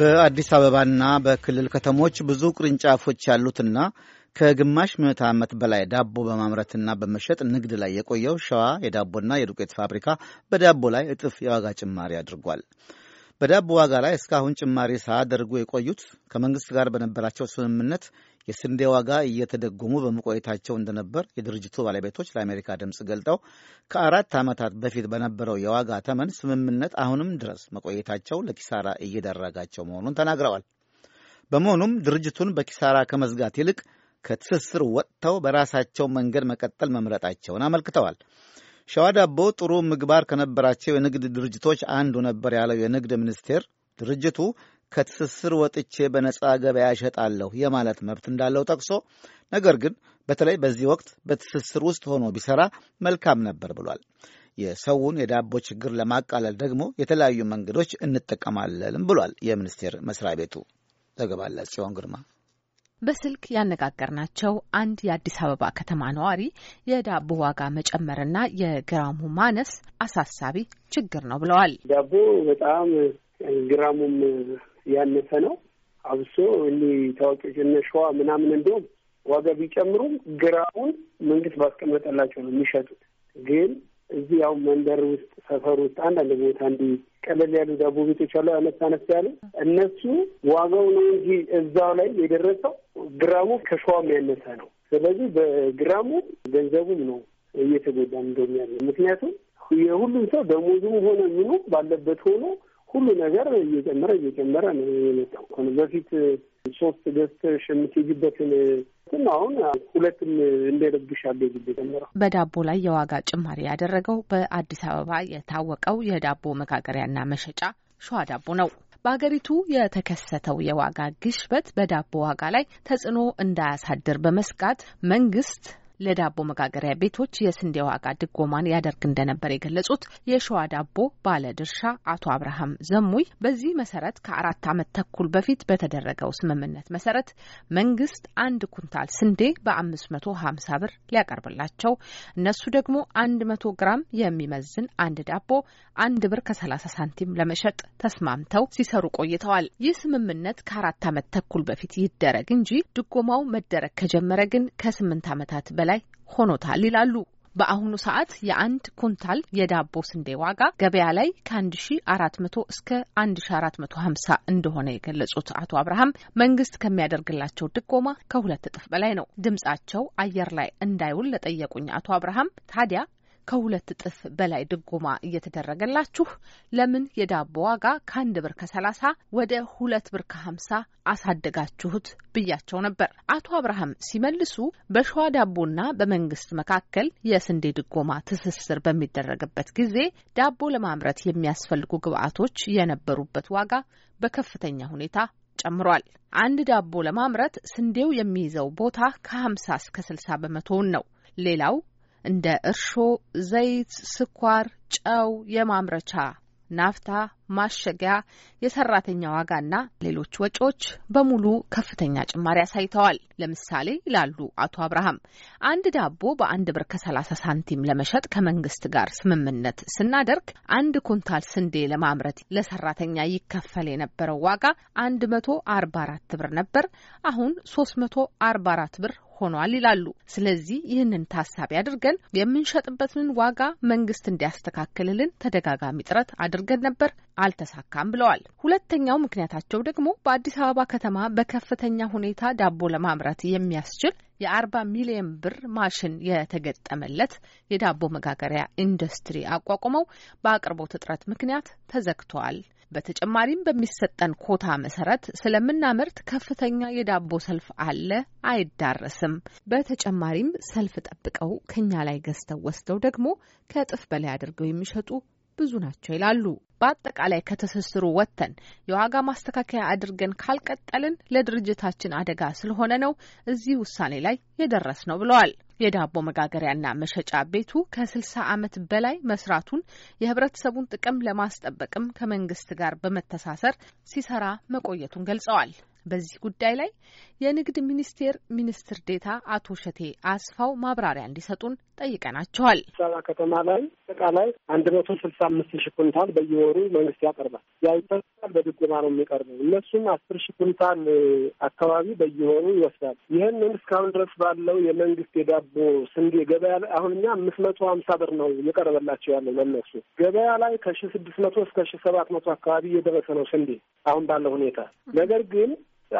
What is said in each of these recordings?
በአዲስ አበባና በክልል ከተሞች ብዙ ቅርንጫፎች ያሉትና ከግማሽ ምዕተ ዓመት በላይ ዳቦ በማምረትና በመሸጥ ንግድ ላይ የቆየው ሸዋ የዳቦና የዱቄት ፋብሪካ በዳቦ ላይ እጥፍ የዋጋ ጭማሪ አድርጓል። በዳቦ ዋጋ ላይ እስካሁን ጭማሪ ሳያደርጉ የቆዩት ከመንግሥት ጋር በነበራቸው ስምምነት የስንዴ ዋጋ እየተደጎሙ በመቆየታቸው እንደነበር የድርጅቱ ባለቤቶች ለአሜሪካ ድምፅ ገልጠው ከአራት ዓመታት በፊት በነበረው የዋጋ ተመን ስምምነት አሁንም ድረስ መቆየታቸው ለኪሳራ እየደረጋቸው መሆኑን ተናግረዋል። በመሆኑም ድርጅቱን በኪሳራ ከመዝጋት ይልቅ ከትስስር ወጥተው በራሳቸው መንገድ መቀጠል መምረጣቸውን አመልክተዋል። ሸዋ ዳቦ ጥሩ ምግባር ከነበራቸው የንግድ ድርጅቶች አንዱ ነበር ያለው የንግድ ሚኒስቴር ድርጅቱ ከትስስር ወጥቼ በነጻ ገበያ እሸጣለሁ የማለት መብት እንዳለው ጠቅሶ ነገር ግን በተለይ በዚህ ወቅት በትስስር ውስጥ ሆኖ ቢሰራ መልካም ነበር ብሏል። የሰውን የዳቦ ችግር ለማቃለል ደግሞ የተለያዩ መንገዶች እንጠቀማለን ብሏል። የሚኒስቴር መስሪያ ቤቱ ዘገባ ጽዮን ግርማ በስልክ ያነጋገርናቸው አንድ የአዲስ አበባ ከተማ ነዋሪ የዳቦ ዋጋ መጨመርና የግራሙ ማነስ አሳሳቢ ችግር ነው ብለዋል። ዳቦ በጣም ግራሙም ያነሰ ነው። አብሶ እኒህ ታዋቂዎች እነ ሸዋ ምናምን እንዲሁም ዋጋ ቢጨምሩም ግራሙን መንግስት ባስቀመጠላቸው ነው የሚሸጡት ግን እዚህ ያው መንደር ውስጥ ሰፈር ውስጥ አንዳንድ ቦታ እንዲ ቀለል ያሉ ዳቦ ቤቶች አሉ። አነስ አነስ ያሉ እነሱ ዋጋው ነው እንጂ እዛው ላይ የደረሰው ግራሙ ከሸዋም ያነሰ ነው። ስለዚህ በግራሙ ገንዘቡም ነው እየተጎዳ እንደውም ያለ ምክንያቱም የሁሉም ሰው ደሞዙም ሆነ ምኑ ባለበት ሆኖ ሁሉ ነገር እየጨመረ እየጨመረ ነው የመጣው። በፊት ሶስት ገዝተሽ የምትሄጂበትን እሱም አሁን ሁለትም እንደረብሻለ ጀመረ። በዳቦ ላይ የዋጋ ጭማሪ ያደረገው በአዲስ አበባ የታወቀው የዳቦ መጋገሪያና መሸጫ ሸዋ ዳቦ ነው። በሀገሪቱ የተከሰተው የዋጋ ግሽበት በዳቦ ዋጋ ላይ ተጽዕኖ እንዳያሳድር በመስጋት መንግስት ለዳቦ መጋገሪያ ቤቶች የስንዴ ዋጋ ድጎማን ያደርግ እንደነበር የገለጹት የሸዋ ዳቦ ባለ ድርሻ አቶ አብርሃም ዘሙይ በዚህ መሰረት ከአራት ዓመት ተኩል በፊት በተደረገው ስምምነት መሰረት መንግስት አንድ ኩንታል ስንዴ በ ሀምሳ ብር ሊያቀርብላቸው እነሱ ደግሞ መቶ ግራም የሚመዝን አንድ ዳቦ አንድ ብር ከ ሳንቲም ለመሸጥ ተስማምተው ሲሰሩ ቆይተዋል። ይህ ስምምነት ከአራት ዓመት ተኩል በፊት ይደረግ እንጂ ድጎማው መደረግ ከጀመረ ግን ከስምንት ዓመታት በላይ በላይ ሆኖታል ይላሉ። በአሁኑ ሰዓት የአንድ ኩንታል የዳቦ ስንዴ ዋጋ ገበያ ላይ ከ1400 እስከ 1450 እንደሆነ የገለጹት አቶ አብርሃም መንግስት ከሚያደርግላቸው ድጎማ ከሁለት እጥፍ በላይ ነው። ድምጻቸው አየር ላይ እንዳይውል ለጠየቁኝ አቶ አብርሃም ታዲያ ከሁለት እጥፍ በላይ ድጎማ እየተደረገላችሁ ለምን የዳቦ ዋጋ ከአንድ ብር ከሰላሳ ወደ ሁለት ብር ከሀምሳ አሳደጋችሁት ብያቸው ነበር። አቶ አብርሃም ሲመልሱ በሸዋ ዳቦና በመንግስት መካከል የስንዴ ድጎማ ትስስር በሚደረግበት ጊዜ ዳቦ ለማምረት የሚያስፈልጉ ግብዓቶች የነበሩበት ዋጋ በከፍተኛ ሁኔታ ጨምሯል። አንድ ዳቦ ለማምረት ስንዴው የሚይዘው ቦታ ከ50 እስከ 60 በመቶውን ነው። ሌላው እንደ እርሾ፣ ዘይት፣ ስኳር፣ ጨው፣ የማምረቻ ናፍታ፣ ማሸጊያ፣ የሰራተኛ ዋጋና ሌሎች ወጪዎች በሙሉ ከፍተኛ ጭማሪ አሳይተዋል። ለምሳሌ ይላሉ አቶ አብርሃም፣ አንድ ዳቦ በአንድ ብር ከ ሳንቲም ለመሸጥ ከመንግስት ጋር ስምምነት ስናደርግ አንድ ኩንታል ስንዴ ለማምረት ለሰራተኛ ይከፈል የነበረው ዋጋ 144 ብር ነበር። አሁን አራት ብር ሆኗል ይላሉ። ስለዚህ ይህንን ታሳቢ አድርገን የምንሸጥበትን ዋጋ መንግስት እንዲያስተካክልልን ተደጋጋሚ ጥረት አድርገን ነበር፣ አልተሳካም ብለዋል። ሁለተኛው ምክንያታቸው ደግሞ በአዲስ አበባ ከተማ በከፍተኛ ሁኔታ ዳቦ ለማምረት የሚያስችል የአርባ ሚሊዮን ብር ማሽን የተገጠመለት የዳቦ መጋገሪያ ኢንዱስትሪ አቋቁመው በአቅርቦት እጥረት ምክንያት ተዘግቷል በተጨማሪም በሚሰጠን ኮታ መሰረት ስለምናመርት ከፍተኛ የዳቦ ሰልፍ አለ፣ አይዳረስም። በተጨማሪም ሰልፍ ጠብቀው ከኛ ላይ ገዝተው ወስደው ደግሞ ከእጥፍ በላይ አድርገው የሚሸጡ ብዙ ናቸው ይላሉ። በአጠቃላይ ከትስስሩ ወጥተን የዋጋ ማስተካከያ አድርገን ካልቀጠልን ለድርጅታችን አደጋ ስለሆነ ነው እዚህ ውሳኔ ላይ የደረስ ነው ብለዋል። የዳቦ መጋገሪያና መሸጫ ቤቱ ከ60 ዓመት በላይ መስራቱን የህብረተሰቡን ጥቅም ለማስጠበቅም ከመንግስት ጋር በመተሳሰር ሲሰራ መቆየቱን ገልጸዋል። በዚህ ጉዳይ ላይ የንግድ ሚኒስቴር ሚኒስትር ዴታ አቶ ሸቴ አስፋው ማብራሪያ እንዲሰጡን ጠይቀናቸዋል። ሰባ ከተማ ላይ አጠቃላይ አንድ መቶ ስልሳ አምስት ሺ ኩንታል በየወሩ መንግስት ያቀርባል። ያይፈሳል በድጎማ ነው የሚቀርበው። እነሱም አስር ሺ ኩንታል አካባቢ በየወሩ ይወስዳል። ይህንን እስካሁን ድረስ ባለው የመንግስት የዳቦ ስንዴ ገበያ ላይ አሁን እኛ አምስት መቶ ሀምሳ ብር ነው የቀረበላቸው ያለው ለነሱ ገበያ ላይ ከሺ ስድስት መቶ እስከ ሺ ሰባት መቶ አካባቢ እየደረሰ ነው ስንዴ አሁን ባለው ሁኔታ ነገር ግን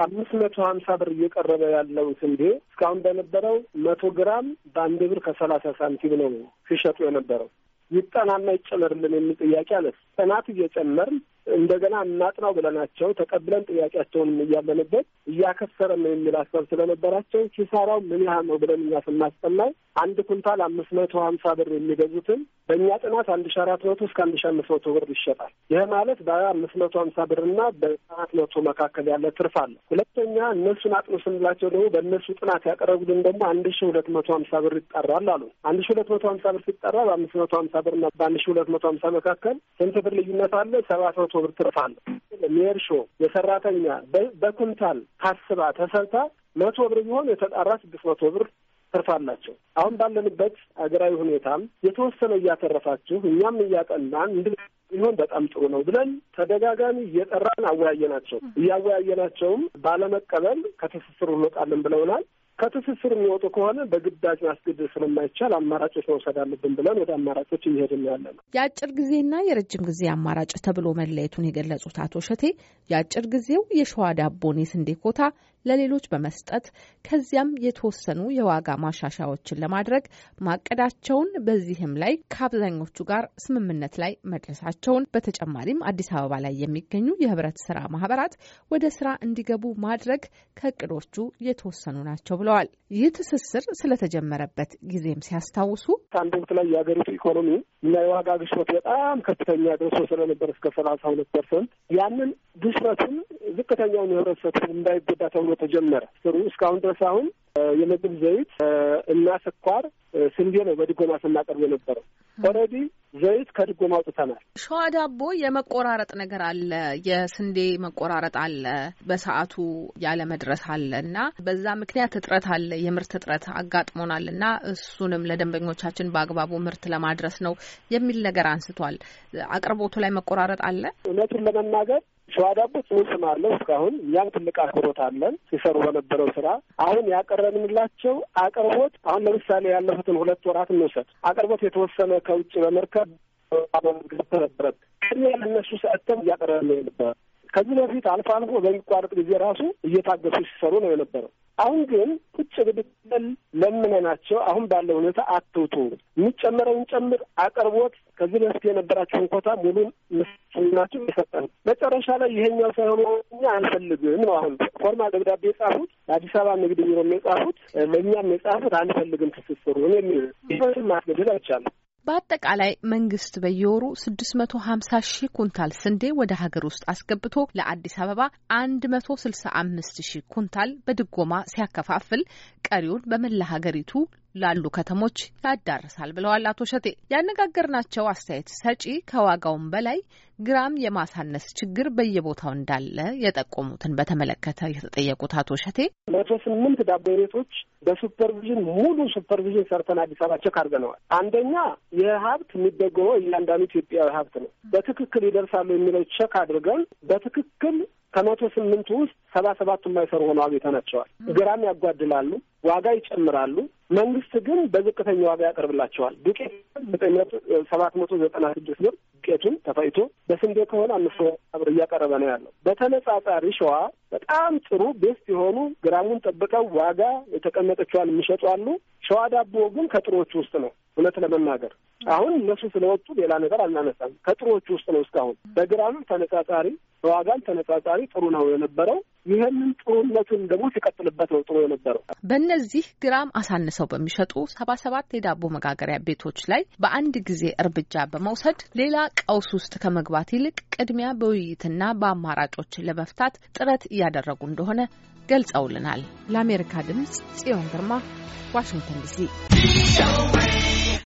አምስት መቶ ሀምሳ ብር እየቀረበ ያለው ስንዴ እስካሁን በነበረው መቶ ግራም በአንድ ብር ከሰላሳ ሳንቲም ነው ሲሸጡ የነበረው። ይጠናና ይጨመርልን የሚል ጥያቄ አለ። ጥናት እየጨመርን እንደገና እናጥናው ብለናቸው ተቀብለን ጥያቄያቸውን እያለንበት እያከሰረም የሚል ሀሳብ ስለነበራቸው ኪሳራው ምን ያህል ነው ብለን እኛ ስናስጠናው አንድ ኩንታል አምስት መቶ ሀምሳ ብር የሚገዙትን በእኛ ጥናት አንድ ሺ አራት መቶ እስከ አንድ ሺ አምስት መቶ ብር ይሸጣል። ይህ ማለት በአምስት መቶ ሀምሳ ብርና በአራት መቶ መካከል ያለ ትርፍ አለ። ሁለተኛ እነሱን አጥኑ ስንላቸው ደግሞ በእነሱ ጥናት ያቀረቡልን ደግሞ አንድ ሺ ሁለት መቶ ሀምሳ ብር ይጠራል አሉ። አንድ ሺ ሁለት መቶ ሀምሳ ብር ሲጠራ በአምስት መቶ ሀምሳ ብርና በአንድ ሺ ሁለት መቶ ሀምሳ መካከል ስንት ብር ልዩነት አለ? ሰባት መቶ መቶ ብር ትርፍ አለ። ሜር ሾ የሰራተኛ በኩንታል ታስባ ተሰርታ መቶ ብር ቢሆን የተጣራ ስድስት መቶ ብር ትርፍ አላቸው። አሁን ባለንበት አገራዊ ሁኔታም የተወሰነ እያተረፋችሁ እኛም እያጠናን እንድ ቢሆን በጣም ጥሩ ነው ብለን ተደጋጋሚ እየጠራን አወያየናቸው። እያወያየናቸውም ባለመቀበል ከትስስሩ እንወጣለን ብለውናል። ከትስስር የሚወጡ ከሆነ በግዳጅ ማስገደድ ስለማይቻል አማራጮች መውሰድ አለብን ብለን ወደ አማራጮች እየሄድን ያለ ነው። የአጭር ጊዜና የረጅም ጊዜ አማራጭ ተብሎ መለየቱን የገለጹት አቶ ሸቴ የአጭር ጊዜው የሸዋ ዳቦን የስንዴ ኮታ ለሌሎች በመስጠት ከዚያም የተወሰኑ የዋጋ ማሻሻያዎችን ለማድረግ ማቀዳቸውን በዚህም ላይ ከአብዛኞቹ ጋር ስምምነት ላይ መድረሳቸውን በተጨማሪም አዲስ አበባ ላይ የሚገኙ የህብረት ስራ ማህበራት ወደ ስራ እንዲገቡ ማድረግ ከእቅዶቹ የተወሰኑ ናቸው ብለዋል። ይህ ትስስር ስለተጀመረበት ጊዜም ሲያስታውሱ አንድ ወቅት ላይ የሀገሪቱ ኢኮኖሚ እና የዋጋ ግሽበት በጣም ከፍተኛ ደርሶ ስለነበር እስከ ሰላሳ ሁለት ፐርሰንት ያንን ግሽበቱን ዝቅተኛውን የህብረተሰብ እንዳይጎዳ ተብሎ ተጀመረ ስሩ እስካሁን ድረስ አሁን የምግብ ዘይት እና ስኳር፣ ስንዴ ነው በድጎማ ስናቀርብ የነበረው። ኦልሬዲ ዘይት ከድጎማ አውጥተናል። ሸዋ ዳቦ የመቆራረጥ ነገር አለ፣ የስንዴ መቆራረጥ አለ፣ በሰዓቱ ያለ መድረስ አለ እና በዛ ምክንያት እጥረት አለ፣ የምርት እጥረት አጋጥሞናል እና እሱንም ለደንበኞቻችን በአግባቡ ምርት ለማድረስ ነው የሚል ነገር አንስቷል። አቅርቦቱ ላይ መቆራረጥ አለ። እውነቱን ለመናገር ሸዋ ዳቦ ጽኑ ስም አለው እስካሁን። እኛም ትልቅ አክብሮት አለን ሲሰሩ በነበረው ስራ። አሁን ያቀረብንላቸው አቅርቦት አሁን ለምሳሌ ያለፉትን ሁለት ወራት እንውሰድ። አቅርቦት የተወሰነ ከውጭ በመርከብ ነበረት ቅድሚያ ለነሱ ሰጥተን እያቀረብን የነበረ ከዚህ በፊት አልፎ አልፎ በሚቋረጥ ጊዜ ራሱ እየታገሱ ሲሰሩ ነው የነበረው። አሁን ግን ቁጭ ብድል ለምነናቸው አሁን ባለው ሁኔታ አትውጡ፣ የሚጨመረውን ጨምር፣ አቅርቦት ከዚህ በፊት የነበራቸውን ኮታ ሙሉን ምስ ናቸው የሰጠን። መጨረሻ ላይ ይሄኛው ሳይሆን እኛ አንፈልግም ነው። አሁን ፎርማል ደብዳቤ የጻፉት ለአዲስ አበባ ንግድ ቢሮ የጻፉት ለእኛም የጻፉት አንፈልግም ትስስሩ የሚል ማስገደል አይቻልም። በአጠቃላይ መንግስት በየወሩ 650 ሺህ ኩንታል ስንዴ ወደ ሀገር ውስጥ አስገብቶ ለአዲስ አበባ 165 ሺህ ኩንታል በድጎማ ሲያከፋፍል ቀሪውን በመላ ሀገሪቱ ላሉ ከተሞች ያዳርሳል ብለዋል አቶ ሸቴ። ያነጋገርናቸው አስተያየት ሰጪ ከዋጋውም በላይ ግራም የማሳነስ ችግር በየቦታው እንዳለ የጠቆሙትን በተመለከተ የተጠየቁት አቶ ሸቴ መቶ ስምንት ዳቦ ቤቶች በሱፐርቪዥን ሙሉ ሱፐርቪዥን ሰርተን አዲስ አበባ ቸክ አድርገነዋል። አንደኛ ይህ ሀብት የሚደጎመው እያንዳንዱ ኢትዮጵያዊ ሀብት ነው። በትክክል ይደርሳሉ የሚለው ቸክ አድርገን በትክክል ከመቶ ስምንቱ ውስጥ ሰባ ሰባቱ የማይሰሩ ሆነው አግኝተናቸዋል። ግራም ያጓድላሉ፣ ዋጋ ይጨምራሉ መንግስት ግን በዝቅተኛ ዋጋ ያቀርብላቸዋል። ዱቄት ዘጠኝ መቶ ሰባት መቶ ዘጠና ስድስት ብር ዱቄቱን ተፈይቶ በስንዴ ከሆነ አምስት ብር እያቀረበ ነው ያለው። በተነጻጻሪ ሸዋ በጣም ጥሩ ቤስት የሆኑ ግራሙን ጠብቀው ዋጋ የተቀመጠችዋል የሚሸጡ አሉ። ሸዋ ዳቦ ግን ከጥሮዎቹ ውስጥ ነው። እውነት ለመናገር አሁን እነሱ ስለወጡ ሌላ ነገር አናነሳም። ከጥሮዎቹ ውስጥ ነው። እስካሁን በግራምም ተነጻጻሪ በዋጋም ተነጻጻሪ ጥሩ ነው የነበረው። ይህንን ጥሩነቱን ደግሞ ሲቀጥልበት ነው ጥሩ የነበረው። በእነዚህ ግራም አሳንሰው በሚሸጡ ሰባ ሰባት የዳቦ መጋገሪያ ቤቶች ላይ በአንድ ጊዜ እርምጃ በመውሰድ ሌላ ቀውስ ውስጥ ከመግባት ይልቅ ቅድሚያ በውይይትና በአማራጮች ለመፍታት ጥረት እያደረጉ እንደሆነ ገልጸውልናል። ለአሜሪካ ድምጽ ጽዮን ግርማ ዋሽንግተን ዲሲ